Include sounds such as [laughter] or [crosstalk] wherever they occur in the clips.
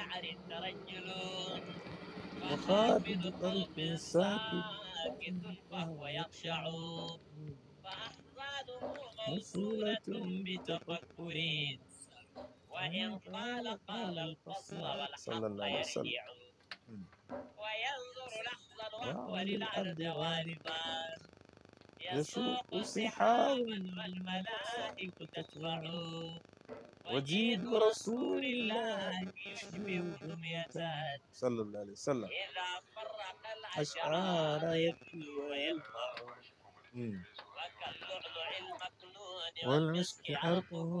شعر رجل وخافض قلب ساكت فهو يخشع فأحزانه موصولة بتفكر آه، وإن قال قال الفصل والحق يشيع وينظر لحظا وهو للأرض غالبا يسوق سحابا والملائكة تتبعه وجيد رسول الله يشبه دميتان صلى الله عليه وسلم إذا فرق الأشعار يبدو ويلمع وكاللؤلؤ المكنون والمسك عرقه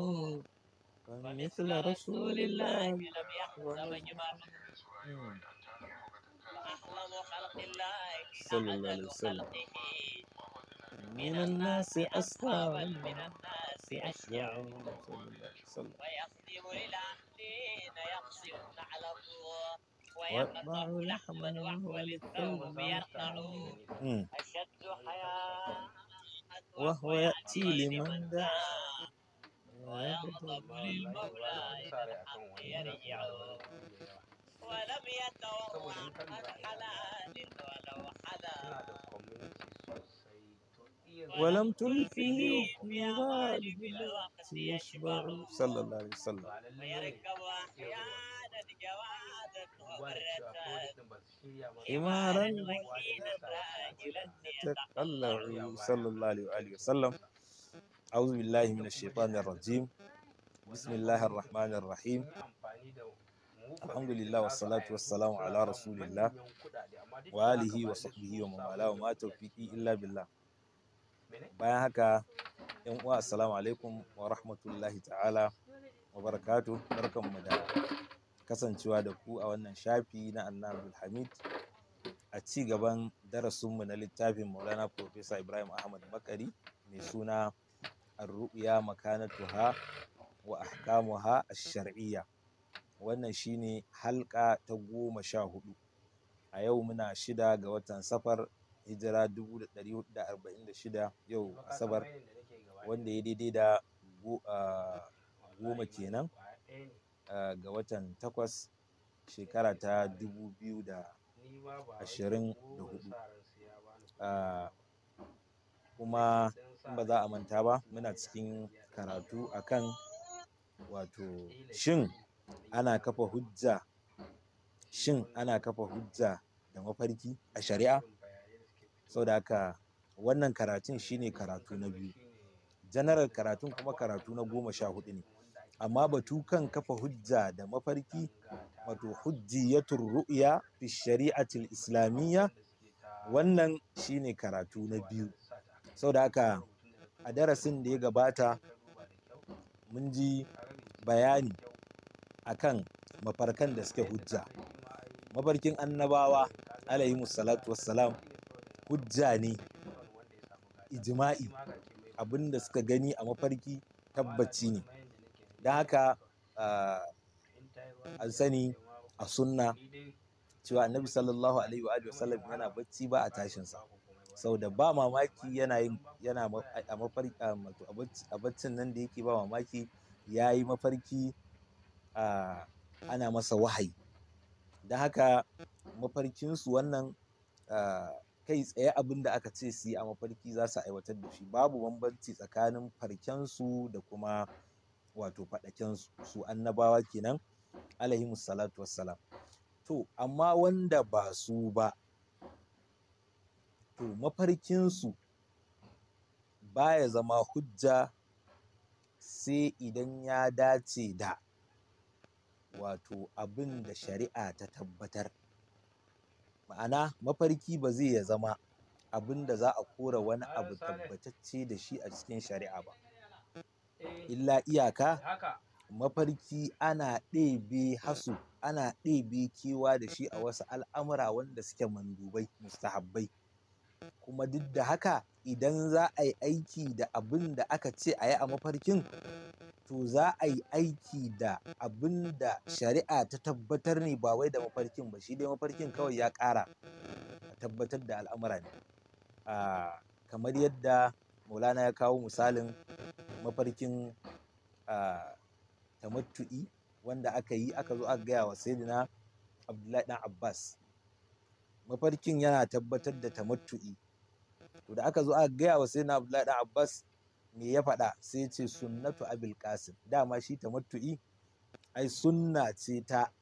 ومثل رسول الله لم يحظى مجمع أعظم خلق الله صلى الله عليه وسلم من الناس أصحابا من الناس نفسي أشجع ويصدم للعمدين يقصرون على الروح ويقطع لحما وهو للثوب يرفع أشد حياة وهو يأتي لمن دعا ويغضب للمولى الحق يرجع ولم يتورع من حلال ولو حلال ولم تلفه في غالب يشبع صلى الله عليه وسلم حمارا صلى الله عليه وآله وسلم أعوذ بالله من الشيطان الرجيم بسم الله الرحمن الرحيم الحمد لله والصلاة والسلام على رسول الله وآله وصحبه ومن والاه وما توفيقي إلا بالله bayan haka yan uwa assalamu alaikum wa rahmatullahi ta'ala wa barakatu mu da kasancewa da ku a wannan shafi na annar Hamid a ci gaban darasinmu na littafin maulana Profesa ibrahim ahmad makari mai suna arru'ya makanatuha wa ahkamuha ash-shar'iyya wannan shine halka ta goma sha hudu a yau muna shida ga watan safar hijira 1446 yau asabar wanda ya daidai da ah, goma kenan ah, ga watan takwas shekara ta 2024 ah, kuma in ba za a manta ba muna cikin karatu akan wato shin shin ana kafa hujja da mafarki a shari'a saboda haka wannan karatun shine karatu na biyu janaral karatun kuma karatu na goma sha hudu ne amma batu kan kafa hujja da mafarki wato hujjiyatul ru'ya fi shari'atul islamiyya wannan shine karatu na biyu da haka a darasin da ya gabata mun ji bayani akan mafarkan da suke hujja mafarkin annabawa alayhi salatu wassalam hujja ne ijma'i abin da suka gani a mafarki tabbaci ne don haka a sani a sunna cewa annabi sallallahu alaihi wa sallam yana bacci ba a tashinsa sau da ba mamaki yana a mafarki baccin nan da yake ba mamaki ya yi mafarki ana masa wahayi don haka mafarkinsu wannan kai tsaye abin da aka ce su yi a mafarki za su aiwatar da shi babu bambanci tsakanin farkensu da kuma wato faɗaken su annabawa kenan alaihimu salatu wassalam to amma wanda ba su ba to mafarkinsu baya zama hujja sai idan ya dace da wato abin da shari'a ta tabbatar ma'ana mafarki ba zai ya zama abin da za a kora wani abu tabbatacce da shi a cikin shari'a ba illa iyaka mafarki ana ɗebe hasu ana ɗebe kewa da shi a wasu al'amura wanda suke mandubai mustahabbai kuma duk da haka idan za a yi aiki da abin da aka ce a yi a mafarkin to za a yi aiki da abin da shari'a ta tabbatar ne ba wai da mafarkin ba shi dai mafarkin kawai ya ƙara tabbatar da al'amura ne kamar yadda maulana ya kawo misalin mafarkin tamattu'i wanda aka yi aka zo aka gaya wa sayyidina abdullahi dan abbas mafarkin yana tabbatar da tamattu'i to da aka zo aka gaya wa sayyidina abdullahi dan abbas me ya faɗa sai ce sunnatu abil qasim dama shi tamattu'i ai sunna ce ta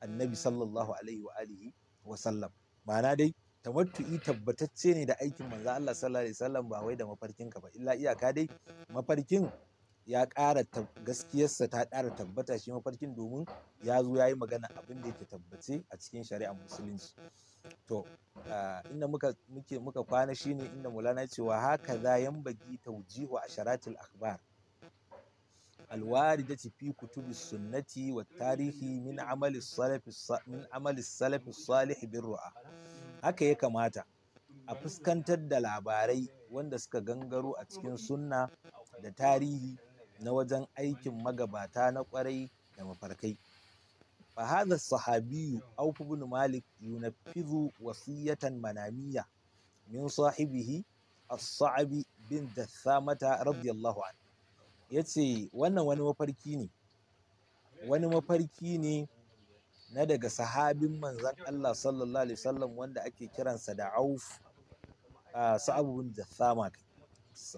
annabi sallallahu alaihi wa alihi wa sallam ma'ana dai tamattu'i tabbatacce ne da aikin manzo Allah sallallahu alaihi wasallam ba wai da mafarkin ka ba illa iyaka dai mafarkin ya ƙara gaskiyarsa ta ƙara tabbata shi mafarkin domin ya zo yayi magana abin da yake tabbace a cikin shari'ar musulunci to inda muka muke muka kwana shine inda mulana cewa haka za yambagi tawjihu asharatil akhbar الواردة في كتب السنة والتاريخ wa Tarihi السلف Amalis عمل السلف bin Ru'a haka ya kamata a fuskantar da labarai wanda suka gangaro a cikin sunna da tarihi na wajen aikin magabata na kwarai da mafarkai فهذا الصحابي أوف بن مالك ينفذ وصية منامية من صاحبه الصعب بن دثامة رضي الله عنه yace wannan wani mafarki ne wani mafarki ne na daga sahabin manzan Allah sallallahu alaihi wasallam wanda ake kiransa da Auf Sa'ab bin Dathama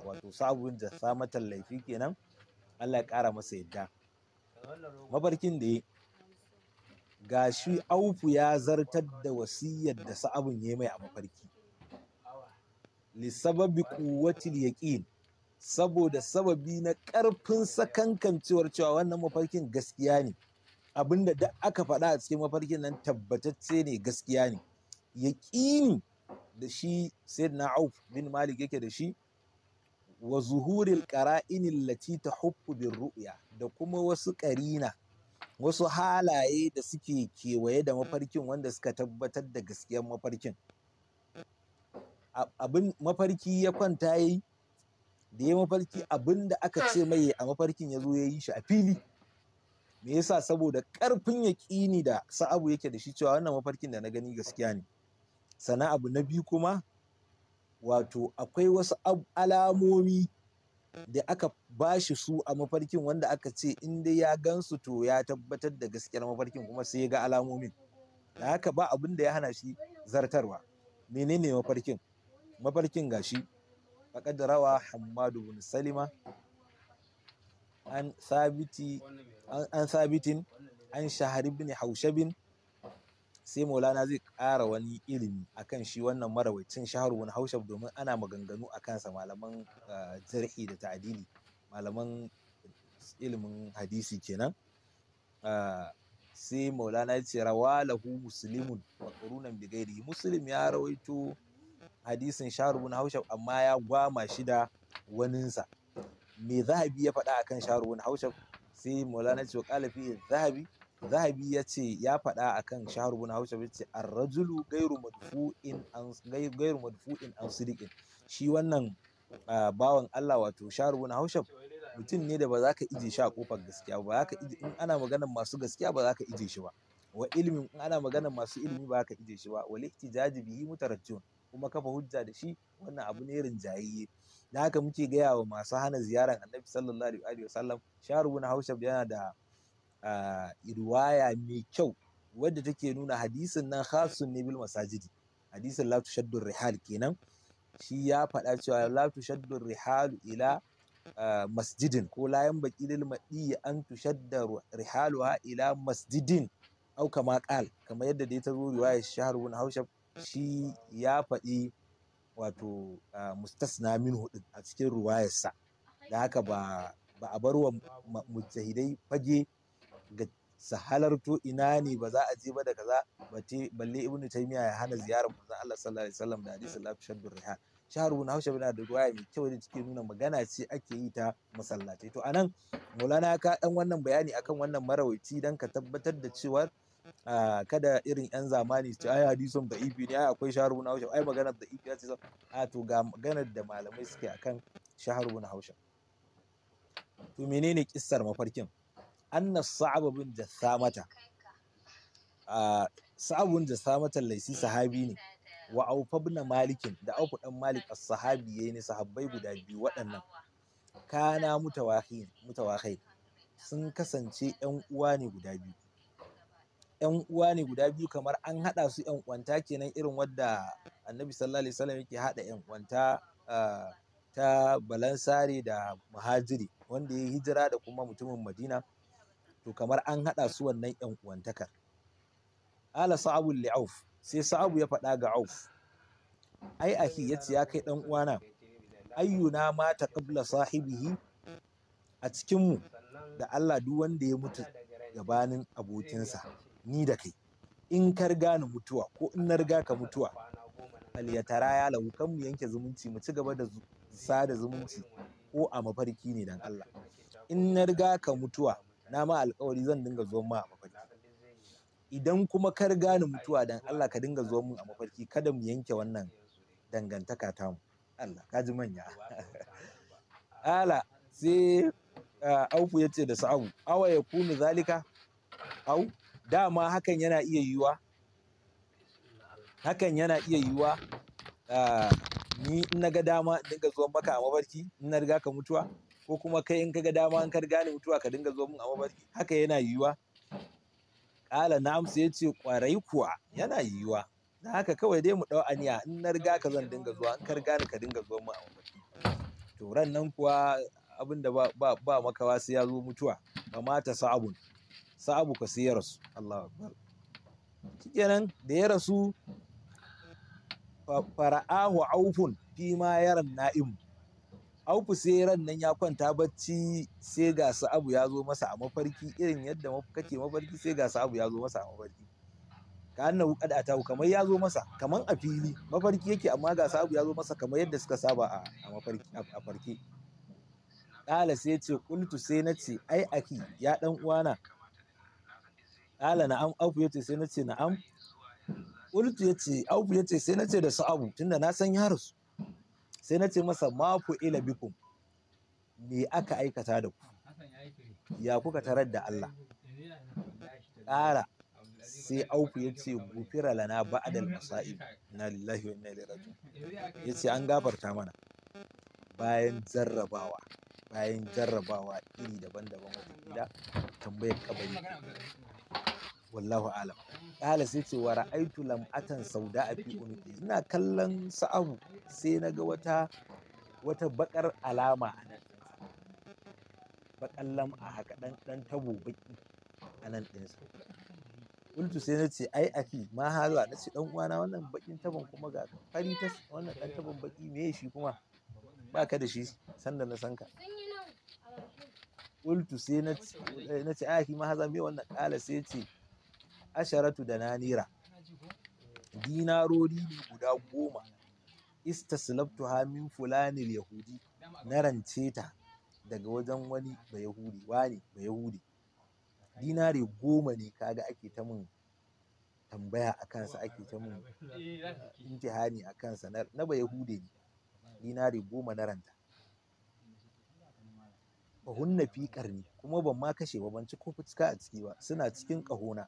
wato Sa'ab bin kenan Allah ya kara masa yadda mafarkin da ga shi aufu ya zartar da wasiyar da sa'abin ya mai a mafarki sababi kuwatil yaƙin saboda sababi na ƙarfin sakankancewar cewa wannan mafarkin gaskiya ne abinda duk aka faɗa a cikin mafarkin nan tabbatacce ne gaskiya ne yaƙini da shi sayyidina auf bin malik yake da shi wa zuhuril qara'inil lati tahuffu bir ru'ya da kuma wasu ƙarina wasu halaye da suke kewaye da mm. mafarkin wanda suka tabbatar da gaskiyar mafarkin abin mafarki ya kwanta yi da ya mafarki abin da aka ce mai a mafarkin ya zo ya yi shi a fili me yasa saboda karfin yaƙini da sa'abu yake da shi cewa wannan mafarkin da na gani gaskiya ne sana abu na biyu kuma wato akwai wasu alamomi da aka bashi su a mafarkin wanda aka ce inda dai ya gansu to ya tabbatar da gaskiyar mafarkin kuma sai ya ga alamomin da haka ba abin da ya hana shi zartarwa menene mafarkin mafarkin gashi faƙad rawa hammadu bin salima an sabitin an shahar bin haushabin sai maulana zai ƙara wani ilimi akan shi wannan marawacin na haushab domin ana maganganu a kansa malaman ah, jarhi da ta'adili malaman ilimin hadisi kenan ah, sai maulana ya ce rawa lahu muslimun makarunan bigairi muslim ya rawaito hadisin na haushab amma ya gwama shi da waninsa me zahabi ya faɗa akan na haushab sai maulana ce wa ƙalafi zahabi zahabi ya ce ya faɗa kan shahar Buna hausa ya ce arrajulu gairu madufu an an sirikin shi wannan bawan Allah wato shahar bin hausa mutum ne da ba za ka ije shi a kofar gaskiya ba za ka ije in ana maganar masu gaskiya ba za ka ije shi ba wa ilimin in ana maganar masu ilimi ba za ka ije shi ba wal jaji bihi mutarajjun kuma kafa hujja da shi wannan abu ne rinjayayye da haka muke gaya wa masu hana ziyarar annabi sallallahu alaihi wa sallam shahrubun haushab yana da riwaya mai kyau wadda take nuna hadisin nan khasun ne bil masajidi hadisin la tushaddu rihal kenan shi ya faɗa cewa la tushaddu rihal ila masjidin ko la baki lil madi an tushadda rihaluha ila masjidin au kama qal kamar yadda dai ta zo riwaya shahrun haushab shi ya faɗi wato mustasna minhu din a cikin riwayarsa da haka ba ba a bar wa mujtahidai fage ga halarto ina ne ba za a je ba da kaza balle ibnu taymiya ya hana ziyarar manzo Allah sallallahu alaihi wasallam da hadisin lafishar durrihan shaharu na hausha bina da ruwaya mai kyau da cikin nuna magana ce ake yi ta masallatai to anan maulana ka dan wannan bayani akan wannan marawaci dan ka tabbatar da cewa kada irin yan zamani su ai hadisun da ibi ne akwai shaharu na hausha ai maganar da ibi ce a to ga maganar da malamai suke akan shaharu na hausha to menene kissar mafarkin anna sa'ab bin jassamata sa'ab bin jassamata laisi sahabi ne wa aufa bin malikin da aufa dan malik as-sahabi yayi ne sahabbai guda biyu waɗannan kana mutawahin mutawahin sun kasance yan uwa ne guda biyu yan uwa ne guda biyu kamar an hada su yan kwanta kenan irin wadda annabi sallallahu alaihi wasallam yake hada yan kwanta ta balansare da muhajiri wanda ya hijira da kuma mutumin madina to kamar an haɗa su wannan yan uwantakar ala sa'abu li auf sai sa'abu ya faɗa ga auf ai ahi yace ya kai dan uwana ayyuna ma ta qabla sahibihi a cikin mu da Allah duk wanda ya mutu gabanin abokinsa ni da kai in ka riga mutuwa ko in na riga ka mutuwa aliyatara ya lahu kan mu yanke zumunci mu ci gaba da sada zumunci ko a mafarki ne dan Allah in na riga ka mutuwa na ma alkawari zan dinga zuwan ma a mafarki idan kuma kar gane mutuwa dan Allah ka dinga zuwan mu a mafarki kada mu yanke wannan dangantaka ta mu Allah ka ji manya [laughs] ala sai eh, aufu ya ce da sa'u awa ya kunu zalika au dama hakan yana iya yiwuwa hakan yana iya yiwuwa eh, ni in na ga dama dinga zuwan maka a mafarki in na riga ka mutuwa ko kuma kai in kaga dama an karga ne mutuwa ka dinga zo mun a mafarki haka yana yiwuwa kala na amsa ya ce kwarai kuwa yana yiwuwa da haka kawai dai mu dau aniya in na riga ka zan dinga zuwa an karga ni ka dinga zo mun a mafarki to ran nan kuwa abin da ba, ba makawa sai ya zo mutuwa ba mata sa'abun sa'abu ka sai ya rasu Allahu akbar shikenan da ya rasu fara'ahu aufun fi ma yaran na'im Aufu sai ran nan ya kwanta bacci sai ga su abu ya zo masa a mafarki irin yadda kake mafarki sai ga su abu ya zo masa a mafarki. Ka annahu qad atahu kamar ya zo masa kamar a fili mafarki yake amma ga su abu ya zo masa kamar yadda suka saba a mafarki a farke. Ƙala sai ce kultu sai na ce ai aki ya dan uwana. Ƙala na'am Aufu ya ce sai na ce am? Kultu ya ce Aufu ya ce sai na ce da su abu tunda na san ya su. sai na ce masa mafu ila bikum me aka aikata da ku ya kuka tarar da Allah ƙara sai auku ya ce gufira lana ba'adal asa'i na lillahi wa inna ilaihi ya ce an gafarta mana bayan jarrabawa bayan jarrabawa iri daban-daban wata tambayar kabari wallahu alam kala sai ce wa ra'aitu lam'atan sauda a fi unqi ina kallon sa'abu sai na ga wata wata bakar alama a nan bakan lam'a haka dan dan tabo baki a nan ɗinsa ultu sai na ce ai aki ma haza na ce dan uwana wannan bakin tabon kuma ga fari ta wannan dan tabon baki me shi kuma baka da shi sanda na sanka ultu sai na ce eh, aki ma haza me wannan kala sai ce asharatu da nanira dinarori ne guda goma ha min fulanil yahudi na rance ta daga wajen wani ba yahudi wani ba yahudi dinari goma ne kaga ake ta mun tambaya a kansa ake ta mun imtihani a kansa na ba yahudi ne dinari goma na ranta ba hunna fi karni kuma ban ma kashe ba ban ci ko fuska a ciki ba suna cikin ƙahona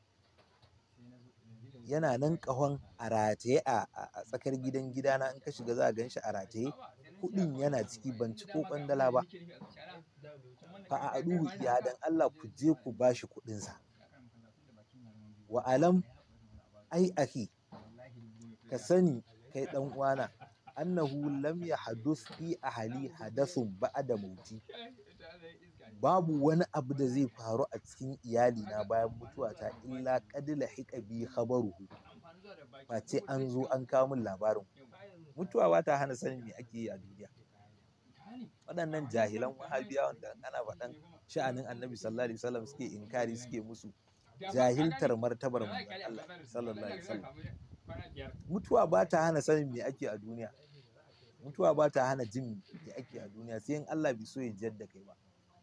yana nan ƙahon a rataye a tsakar gidan gidana in ka shiga za a gan shi a rataye kuɗin yana ciki ban ci ko ƙwandala ba fa a aduhu iya dan Allah ku je ku ba bashi kuɗinsa wa alam ai ahi ka sani kai ɗan uwana annahu lam ya fi ahli hadasun ba'da mauti babu wani abu da zai faru a cikin iyalina bayan mutuwata illa qad hika bi khabaruhu face an zo an kawo min labarin mutuwa ba ta hana sanin me ake yi a duniya waɗannan jahilan wahabiya wanda ana faɗan sha'anin annabi sallallahu alaihi wasallam suke inkari suke musu jahiltar martabar manzon Allah sallallahu alaihi wasallam mutuwa ba ta hana sanin me ake a duniya mutuwa ba ta hana jin me ake a duniya sai in Allah bai so ya jaddaka kai ba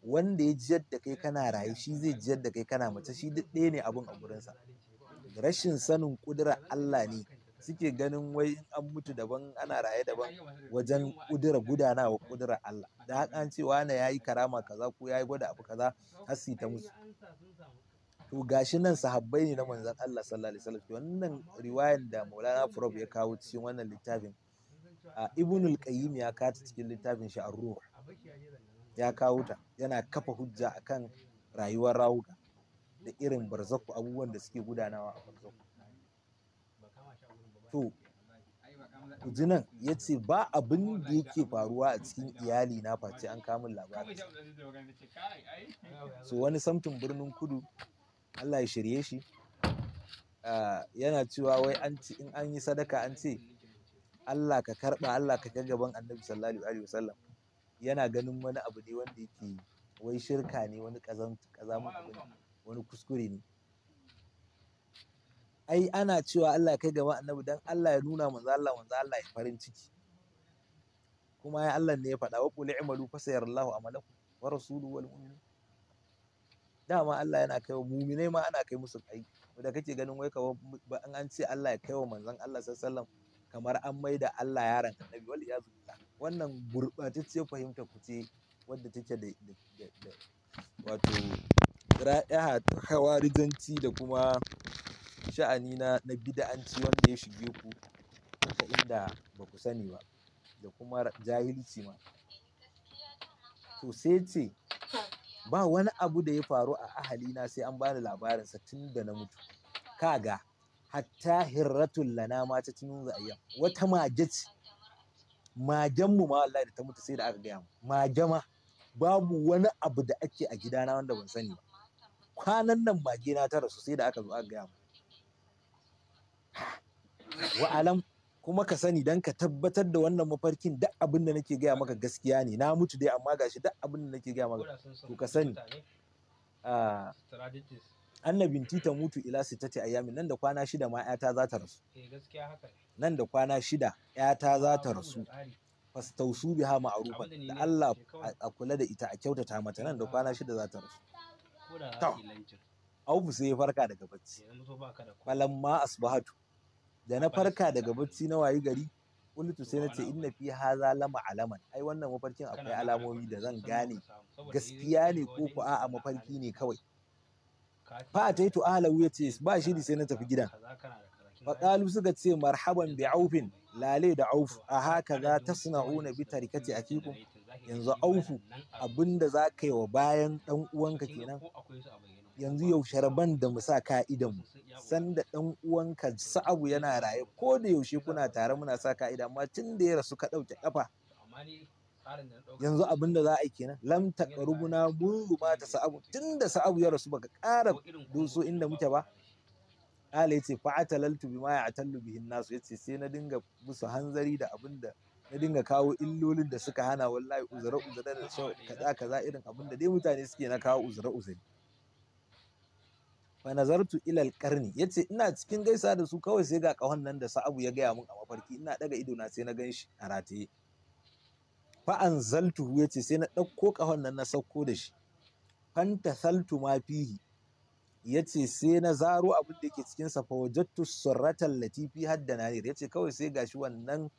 wanda ya jiyar da kai kana raye shi zai jiyar da kai kana mace shi duk ɗaya ne abin a gurinsa rashin sanin ƙudura Allah ne suke ganin wai an mutu daban ana raye daban wajen ƙudura wa ƙudura Allah da haka an ce wane ya yi karama kaza ko ya yi gwada abu kaza har ta musu to gashi nan sahabbai ne na manzon Allah sallallahu alaihi wasallam wannan riwayar da Maulana Prof ya kawo cikin wannan littafin a Ibnul Qayyim ya kata cikin littafin shi ar-Ruh ya kawo ta yana kafa hujja a kan rayuwar rawuka da irin barzaku abubuwan da suke gudanawa a barzaku to jinan ya ce ba abin da yake faruwa a cikin iyali na face an kamun labari so wani samtin birnin kudu allah ya shirye shi yana cewa wai an ci in an yi sadaka an ce allah ka karba allah ka gaban annabi sallallahu alaihi wasallam yana ganin wani abu ne wanda yake wai shirka ne wani kazamun abu ne wani kuskure ne ai ana cewa Allah kai gaba annabi dan Allah ya nuna manzo Allah manzo Allah ya farin ciki kuma ya Allah ne ya faɗa wa qul i'malu fa sayarallahu amalakum wa rasuluhu wal mu'minun dama Allah yana kaiwa muminai ma ana kai musu kai da kake ganin wai ka an an ce Allah ya kaiwa manzon Allah sallallahu alaihi wasallam kamar an maida Allah yaron annabi wal iyazu wannan gurɓatacciyar fahimta ku ce wadda take da wato ra'iha hawarijanci da kuma sha'ani na na bid'anci wanda ya shige ku ta inda ba ku sani ba da kuma jahilci ma to sai ce ba wani abu da ya faru a ahalina sai an ba bani labarinsa tun da na mutu kaga hatta hirratun lana ma ta tunun ayyam wata mage ce magen mu ma wallahi da ta mutu sai da aka gaya mu Majama babu wani abu da ake a gidana wanda ban sani ba kwanan nan mage na ta rasu sai da aka zo aka gaya mu wa'alam kuma ka sani dan ka tabbatar da wannan mafarkin duk abin da nake gaya maka gaskiya ne na mutu dai amma gashi duk abin da nake gaya maka to ka sani ah. annabin tita mutu ila sitati ayyamin nan da kwana shida ma ta za ta rasu eh, nan da kwana shida ta za ta rasu tausu biha ma'rufan da Allah a kula da ita a kyautata mata nan da kwana shida za ta rasu Abu sai ya farka daga bacci. Eh, ma asbahatu da na farka daga bacci na wayi gari kultu sai na ce inna fi haza lama alaman ai wannan mafarkin akwai alamomi da zan gane gaskiya ne ko ku a'a mafarki ne kawai fa tu'ala wuya ce ba shi shiri sai na tafi gidan faƙalu suka ce marhaban bi aufin lale da auf a haka za ta suna una bi tarikati a kikun yanzu aufu abinda za ka yi wa bayan ɗan uwanka kenan yanzu yaushe rabon da mu sa ka'idan mu sanda ɗan uwanka abu yana raye ko da yaushe kuna tare muna sa ka'ida amma tun da ya rasu ka ɗauke ƙafa yanzu abin da za a yi kenan lam taqrubuna mundu ta sa'abu tunda sa'abu ya rasu baka ƙara doso inda muke ba ala yace fa atalaltu bima ya'tallu bihin nasu yace sai na dinga musu hanzari da abin da na dinga kawo illolin da suka hana wallahi uzura uzura da kaza kaza irin abin da dai mutane suke na kawo uzura uzuri fa nazartu ila alqarni yace ina cikin gaisa da su kawai sai ga kahon nan da sa'abu ya gaya mun a mafarki ina daga ido na sai na gan shi a rataye fa'an zaltu ya ce sai na ɗauko ƙahon nan na sauko da shi fanta saltu ma fihi ya ce sai na zaro abin da ke cikin sa fawajattu surratan latifi hadda na ya ce kawai sai ga shi wannan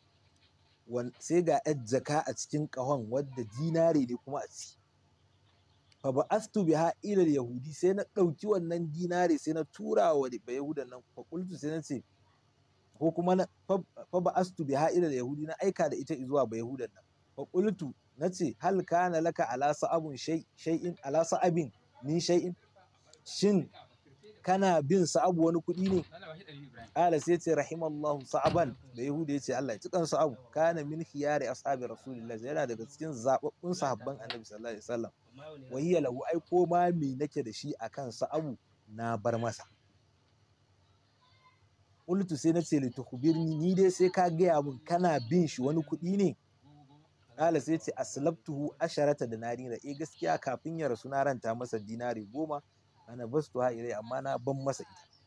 sai ga yar jaka a cikin ƙahon wadda dinare ne kuma a ciki fa ba astu bi ila yahudi sai na ɗauki wannan dinare sai na tura wa ba yahudan nan fa sai na ce ko kuma na fa astu bi ila yahudi na aika da ita zuwa ba yahudan nan fakultu na ce hal kana laka alasa abin shai'in alasa abin ni shai'in shin kana bin sa'abu wani kuɗi ne ala sai ce rahimallahu sa'aban da Yahudu ya ce Allah ya cikan sa'abu kana min khiyari ashabi Rasulillah yana daga cikin zaɓaɓɓun sahabban annabi sallallahu alaihi wasallam wa lahu ai ma me nake da shi akan sa'abu na bar masa Ƙultu sai nace li birni. ni dai sai ka gaya mun kana bin shi wani kuɗi ne Kala sai ce aslabtuhu asharata dinarina eh gaskiya kafin ya rasu na ranta masa dinari goma ana bastu ha irai amma na ban masa ita.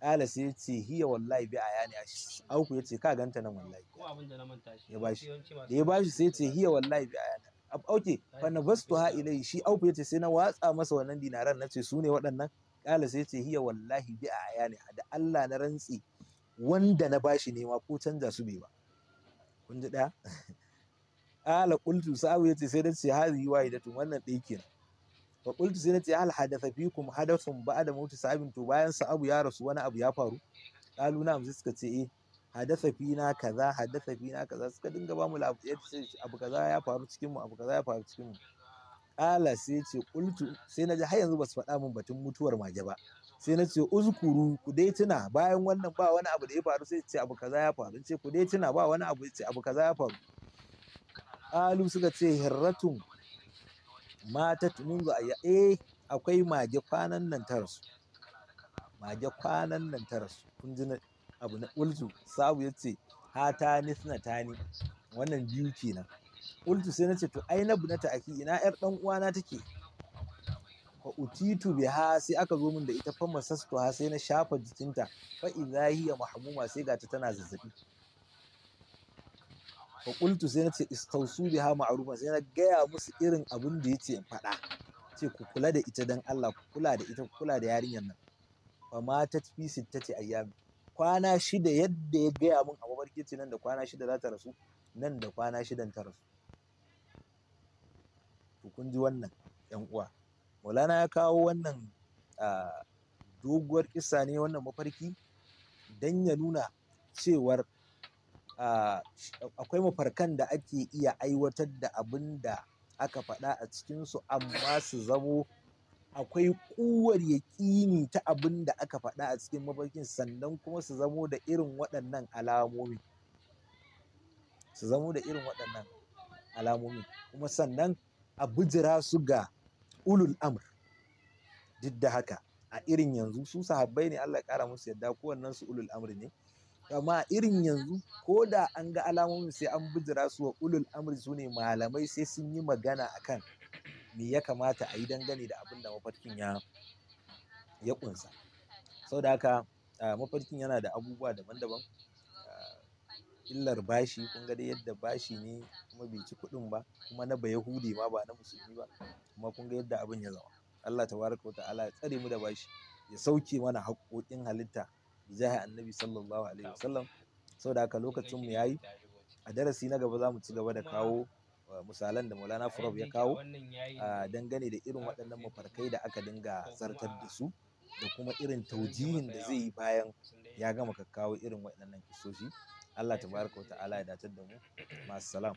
Kala sai ce hiya wallahi bi ayani ashi auku ce ka ganta nan wallahi. Ko abin da na manta shi. Ya bashi. Da ya bashi sai ce hiya wallahi bi ayani. Auke fa na bastu ha irai shi auku ce sai na watsa masa wannan dinaran ce su ne waɗannan. Kala sai ce hiya wallahi bi ayani da Allah na rantsi wanda na bashi ne ma ko canza su bai ba. Kun ji ɗaya? [laughs] qala qultu sa'u yace sai nace hadhihi wahidatun wannan dai kenan wa qultu sai dace hal hadatha fikum hadathun ba'da mautu sa'abin to bayan sa'abu ya rasu wani abu ya faru qalu na amsa suka ce eh hadatha fina kaza hadatha fina kaza suka dinga ba mu abu kaza ya faru cikin mu abu kaza ya faru cikin mu qala sai ce qultu sai naji har yanzu basu faɗa min batun mutuwar mage ba sai na ce uzkuru ku dai tuna bayan wannan ba wani abu da ya faru sai ce abu kaza ya faru ce ku dai tuna ba wani abu ce abu kaza ya faru kalu suka ce hirratun matat munzu ayya eh akwai mage kwanan nan ta mage kwanan nan tarasu kun ji abu na ulzu sabu ce hata tani wannan biyu kenan ultu sai na ce to ai na bunata aki ina yar dan uwana take fa utitu biha sai aka zo min da ita fa masastu ha sai na shafa jikinta fa idza hiya mahmuma sai gata tana zazzabi fa qultu sai nace istausu biha ma'rufa sai na gaya musu irin abin da yace in faɗa ce ku kula da ita dan Allah ku kula da ita ku kula da yarinyar nan fa ta fi sittati ayyam kwana shida yadda ya gaya mun a mabarki ce nan da kwana shida za ta rasu nan da kwana shidan ta rasu Ku kun ji wannan yan uwa Maulana ya kawo wannan doguwar kissa ne wannan mafarki Dan ya nuna cewar akwai mafarkan da ake iya aiwatar da abin da aka faɗa a cikinsu amma su zamo akwai kuwar yaƙini ta abin da aka faɗa a cikin mafarkin sannan kuma su zamo da irin waɗannan alamomi su zamo da irin waɗannan alamomi kuma sannan a bijira su ga ulul amr duk da haka a irin yanzu su sahabbai ne Allah ya ƙara musu yadda kowannen su ulul amr ne amma irin yanzu ko da an ga alamomin sai an bijira su wa ulul amri su ne malamai sai sun yi magana akan me ya kamata a yi dangane da abin da mafarkin ya ya kunsa sau da haka mafarkin yana da abubuwa daban-daban illar bashi kun ga yadda bashi ne kuma bai ci kuɗin ba kuma na ba yahudi ma ba na musulmi ba kuma kun yadda abin ya zama Allah ta tabaraka wa ta'ala ya tsare mu da bashi ya sauke mana haƙoƙin halitta bijahi annabi sallallahu alaihi wasallam saboda haka lokacin mu yayi a darasi na gaba za mu ci gaba da kawo eh, misalan da Maulana Furob ya kawo a ah, dangane da irin waɗannan mafarkai da aka dinga zartar da su da kuma irin taujihin da zai yi bayan ya gama kakkawo irin waɗannan kisoshi Allah tabaraka wa ta'ala ya datar da mu [coughs] masu salam